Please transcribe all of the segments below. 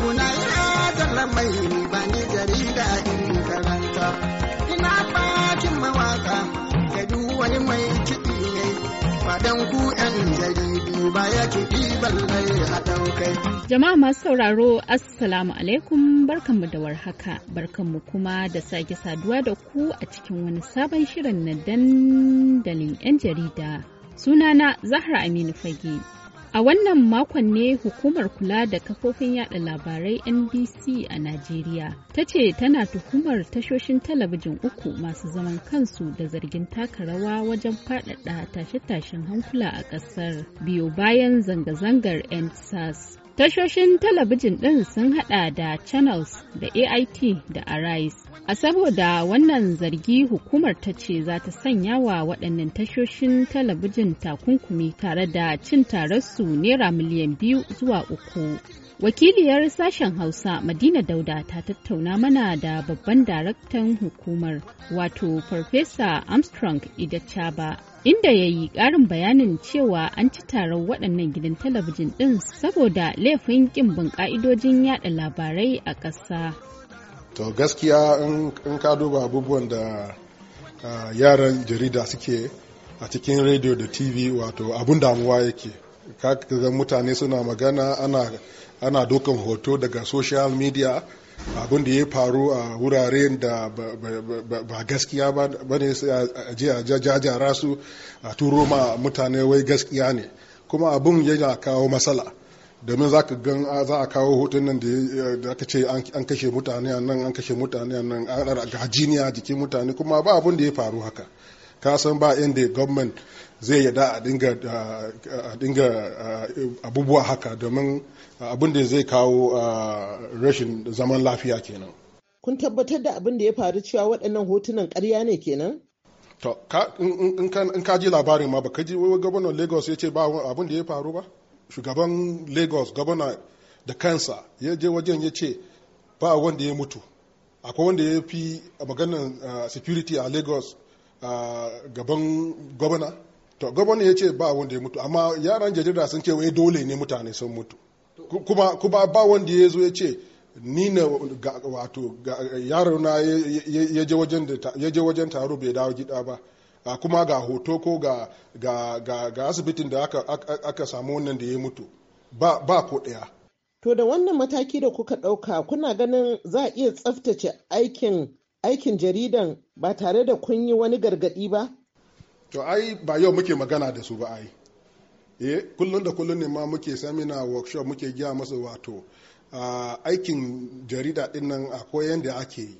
abu na ya zalla ba ni jarida in karanta ina bakin mawaka ya wani mai kiɗi ne fadan ku yan jaridu ba ya kiɗi ballai a ɗaukai. Jama'a masu sauraro Assalamu alaikum barkanmu da warhaka barkanmu kuma da sake saduwa da ku a cikin wani sabon shirin na dandalin 'yan jarida sunana Zahra Aminu Fage. A wannan makon ne hukumar kula da kafofin yada labarai NBC a Najeriya ta ce tana tuhumar tashoshin talabijin uku masu zaman kansu da zargin taka rawa wajen faɗaɗa tashe-tashen hankula a ƙasar biyo bayan zanga-zangar NSAS. Tashoshin talabijin ɗin sun haɗa da Channels da AIT da Arise. A saboda wannan zargi hukumar ta ce za ta sanya wa waɗannan tashoshin talabijin takunkumi tare da cin tararsu naira miliyan biyu zuwa uku. Wakiliyar sashen Hausa Madina Dauda ta tattauna mana da babban daraktan hukumar wato Farfesa Armstrong Ida inda ya yi ƙarin bayanin cewa an ci taron waɗannan gidan talabijin ɗin saboda laifin ƙin bin ƙa'idojin yada labarai a ƙasa. to gaskiya in ka duba abubuwan da yaran jarida suke a cikin rediyo da tv wato abun damuwa yake ga mutane suna magana ana, ana dokan hoto daga social media abin da ya faru a wurare da ba gaskiya ba ne a je a jajara su a turo ma mutane wai gaskiya ne kuma abin yana kawo matsala domin za ka gan za a kawo hoton nan da aka ce an kashe mutane a nan an kashe mutane nan an jikin mutane kuma ba abin da ya faru haka ka san ba inda government zai yada a dinga abubuwa haka domin abin da zai kawo rashin zaman lafiya kenan kun tabbatar da abin da ya faru cewa waɗannan hotunan ƙarya ne kenan to in ka ji labarin ma baka ji gwamnan lagos ya ce ba abin da ya faru ba shugaban lagos gwamna da kansa ya je wajen ya ce ba wanda ya mutu akwai wanda ya fi maganar security a lagos gaban gwamna to gwamna ya ce ba wanda ya mutu amma yaran jarida sun ce wai dole ne mutane sun mutu kuma kuma ba wanda ya zo ya ce ni na wato yaro na ya je wajen taro bai dawo gida ba a kuma ga hoto ko ga asibitin da aka samu wannan da ya mutu ba ko ɗaya To da wannan mataki da kuka ɗauka kuna ganin za a iya tsaftace aikin aikin jaridan ba tare da kun yi wani gargaɗi ba? To ai ba yau muke magana da su ba ai. Eh kullum da kullum ne ma muke samina workshop muke gya masa wato aikin jarida din nan akwai yadda ake yi.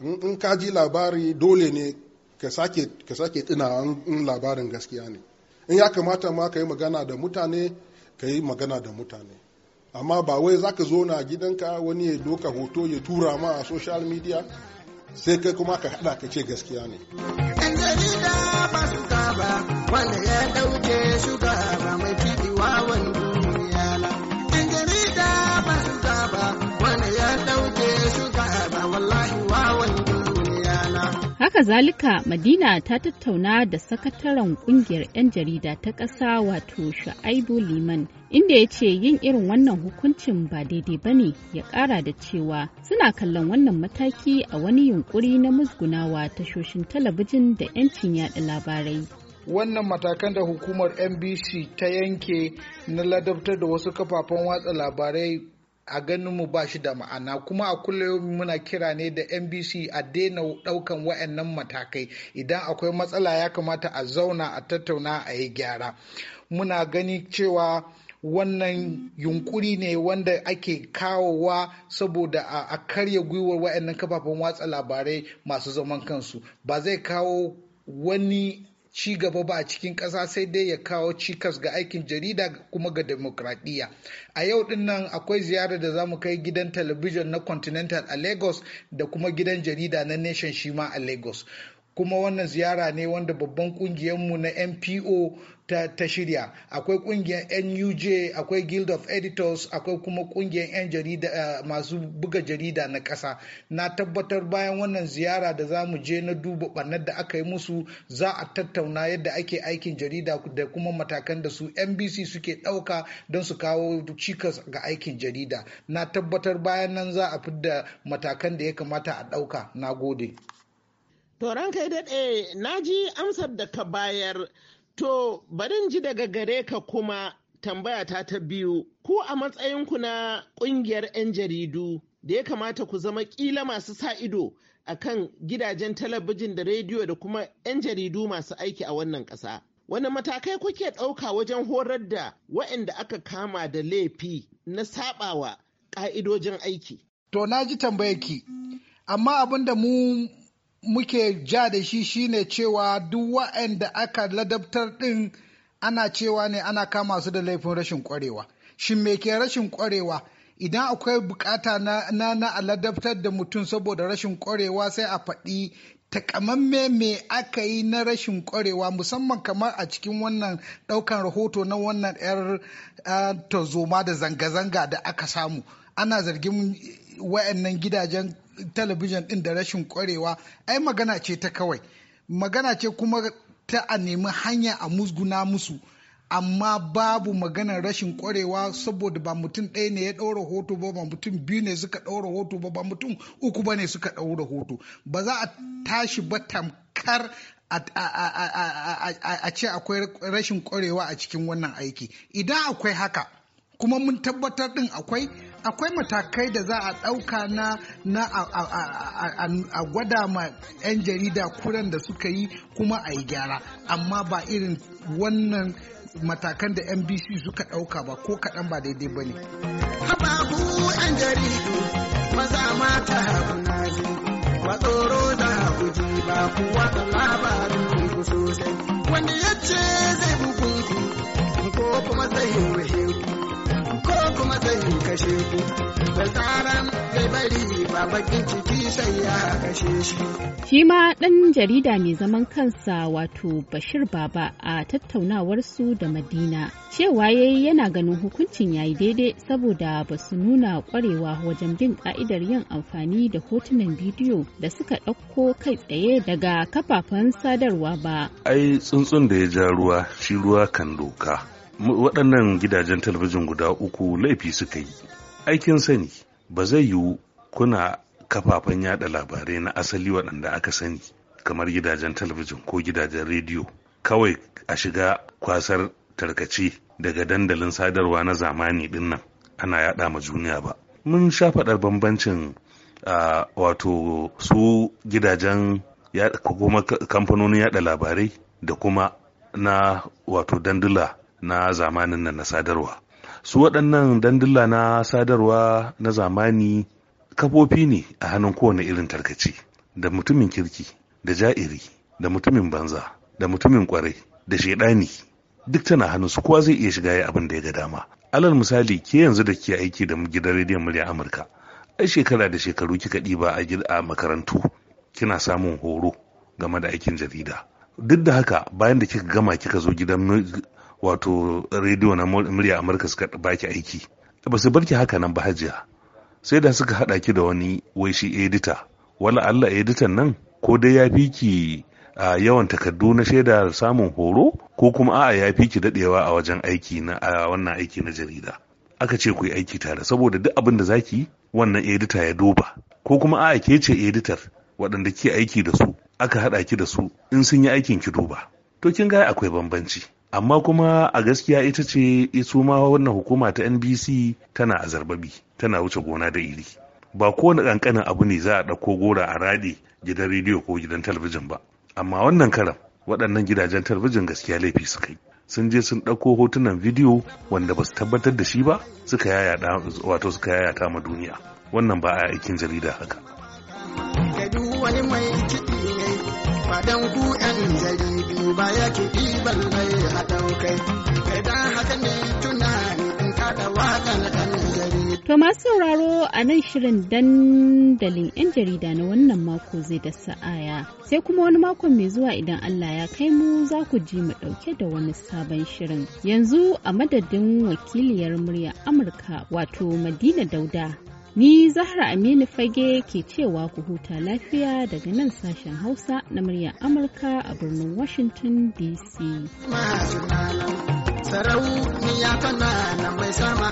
In ka ji labari dole ne ka sake ɗina in labarin gaskiya ne. In ya kamata ma ka yi magana da mutane ka yi magana da mutane. Amma ba wai za ka zo na gidanka wani ya doka hoto ya tura ma a social media sai kai kuma ka hada ka ce gaskiya ne yan jarida ba su ba wanda ya dauke shugaba mai fidiwa wani duniya la yan jarida ba su ba Haka zalika Madina ta tattauna da sakataren kungiyar 'yan jarida ta ƙasa wato Sha'aibu Liman inda ya ce yin irin wannan hukuncin ba daidai ba ne ya ƙara da cewa suna kallon wannan mataki a wani yunkuri na musgunawa tashoshin talabijin da 'yancin yaɗa labarai. wannan matakan da hukumar nbc ta yanke na ladabtar da wasu kafafen watsa labarai a ganin mu ba shi da ma'ana kuma a kullum muna kira ne da NBC a daina daukan wayannan matakai idan akwai matsala ya kamata a zauna a tattauna a yi gyara muna gani cewa wannan yunkuri ne wanda ake kawowa saboda a karya gwiwar wayannan kafafen watsa labarai masu zaman kansu ba zai kawo wani ci gaba ba a cikin ƙasa sai dai ya kawo cikas ga aikin jarida kuma ga demokradiyya a yau din nan akwai ziyarar da za mu kai gidan talabijin na continental a lagos da kuma gidan jarida na nation shima a lagos kuma wannan ziyara ne wanda babban kungiyarmu na NPO ta, shirya akwai kungiyar nuj akwai guild of editors akwai kuma kungiyar 'yan jarida eh, masu buga jarida na ƙasa na tabbatar bayan wannan ziyara da za mu je na duba ɓannar da aka yi musu za a tattauna yadda ake aikin jarida da kuma matakan da su nbc suke ɗauka don su kawo cikas ga aikin jarida na tabbatar bayan nan za a fidda matakan da ya kamata a ɗauka na gode To ranka daɗe, na ji amsar da ka bayar, to barin ji daga gare ka kuma tambaya ta ta biyu, ku a matsayinku na ƙungiyar 'yan jaridu da ya kamata ku zama ƙila masu sa ido a kan gidajen talabijin da rediyo da kuma 'yan jaridu masu aiki a wannan ƙasa. Wani matakai kuke ɗauka wajen horar da waɗanda aka kama da laifi na saɓawa ƙa'idojin aiki? To na ji tambayarki, amma abin da mu muke ja da shi shine cewa duk wa'anda aka ladabtar ɗin ana cewa ne ana kama su da laifin rashin ƙwarewa. Shin me ke rashin ƙwarewa? Idan akwai bukata na na a ladabtar da mutum saboda rashin ƙwarewa sai a faɗi takamamme me aka yi na rashin ƙwarewa musamman kamar a cikin wannan ɗaukan rahoto na wannan 'yar ah, tazoma da zanga-zanga da aka samu. ana zargin wa'annan gidajen talabijin ɗin da rashin kwarewa ai magana ce ta kawai magana ce kuma ta a nemi hanya a musguna musu amma babu maganar rashin kwarewa saboda ba mutum ɗaya ne ya ɗaura hoto ba ba mutum biyu ne suka ɗaura hoto ba ba mutum uku ba ne suka ɗaura hoto ba za a tashi ba tamkar a ce akwai rashin kwarewa a cikin wannan aiki idan akwai haka kuma mun tabbatar ɗin akwai akwai matakai da za a ɗauka na a gwada ma 'yan jarida kuran da suka yi kuma a yi gyara amma ba irin wannan matakan da mbc suka ɗauka ba ko kaɗan ba daidai ba ne maza yace zai bukunku bakin ciki sai ya kashe shi. Shi ma ɗan jarida mai zaman kansa wato Bashir Baba a tattaunawarsu da Madina cewa yayi yana ganin hukuncin ya yi daidai saboda ba su nuna ƙwarewa wajen bin ƙa'idar yin amfani da hotunan bidiyo da suka ɗauko kai tsaye daga kafafen sadarwa ba. Ai tsuntsun da ya ja ruwa shi ruwa kan doka. waɗannan gidajen talabijin guda uku laifi suka yi aikin sani ba zai yiwu kuna kafafen yada labarai na asali waɗanda aka sani kamar gidajen talabijin ko gidajen rediyo kawai a shiga kwasar tarkace daga dandalin sadarwa na zamani dinnan ana yada ma juniya ba mun sha faɗar bambancin wato su gidajen kuma kamfanonin yada labarai da kuma na wato dandula na zamanin nan na sadarwa su waɗannan dandula na sadarwa na zamani kafofi ne a hannun kowane irin tarkace da mutumin kirki da ja'iri da mutumin banza da mutumin kwarai da shaidani duk tana hannun su kowa zai iya shiga ya abin da ya ga dama alal misali ke yanzu da ke aiki da gidan rediyon murya amurka ai shekara da shekaru kika ɗiba a makarantu kina samun horo game da aikin jarida duk da haka bayan da kika gama kika zo gidan wato rediyo na murya amurka suka baki aiki ba su ki haka nan ba hajiya sai da suka haɗa ki da wani wai shi edita wala Allah editan nan ko dai ya fi ki a yawan takardu na shaidar samun horo ko kuma a'a ya fi ki dadewa a wajen aiki na a wannan aiki na jarida aka ce ku yi aiki tare saboda duk abin da zaki wannan edita ya duba ko kuma a'a ke ce editar waɗanda ke aiki da su aka haɗa ki da su in sun yi aikin ki duba to kin ga akwai bambanci amma kuma a gaskiya ita ce su ma wannan hukuma ta nbc tana a zarbabi tana wuce gona da iri ba kowane kankanin abu ne za a ɗauko gora a raɗe gidan rediyo ko gidan talabijin ba amma wannan karam waɗannan gidajen talabijin gaskiya laifi suka yi sun je sun ɗauko hotunan bidiyo wanda ba su tabbatar da shi ba suka wato suka yayata ma duniya wannan ba a aikin jarida haka dan ku jaridu ba ke ɗiban mai haɗau kai kai idan haka ne tunani in kaɗa waƙan ɗan jaridu. To masu sauraro a nan shirin dandalin 'yan jarida na wannan mako zai da sa'aya sai kuma wani mako mai zuwa idan Allah ya kai mu za ku ji mu ɗauke da wani sabon shirin yanzu a madadin wakiliyar murya Amurka wato Madina Dauda Ni Zahra Aminu Fage ke cewa ku huta lafiya daga nan sashen Hausa na muryar Amurka a birnin Washington DC. Sarauniya tana na mai sama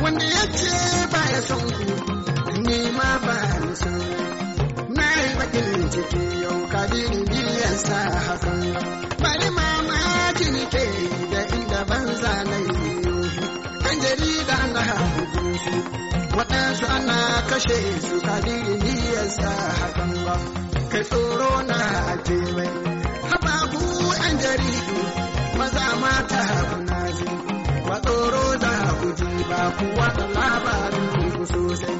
wanda ya ce ba ya son ku, ni ma ba ni son Na yi bakin ciki yau ka ni biyan sa hakan, bari ma ma ke da inda ban zanayi. su waɗansu ana kashe su kadiri sa hakan ba kai tsoro na aje mai hababu yan jaridu maza mata kuna ji ba tsoro za ku ji ba kuwa da labarin sosai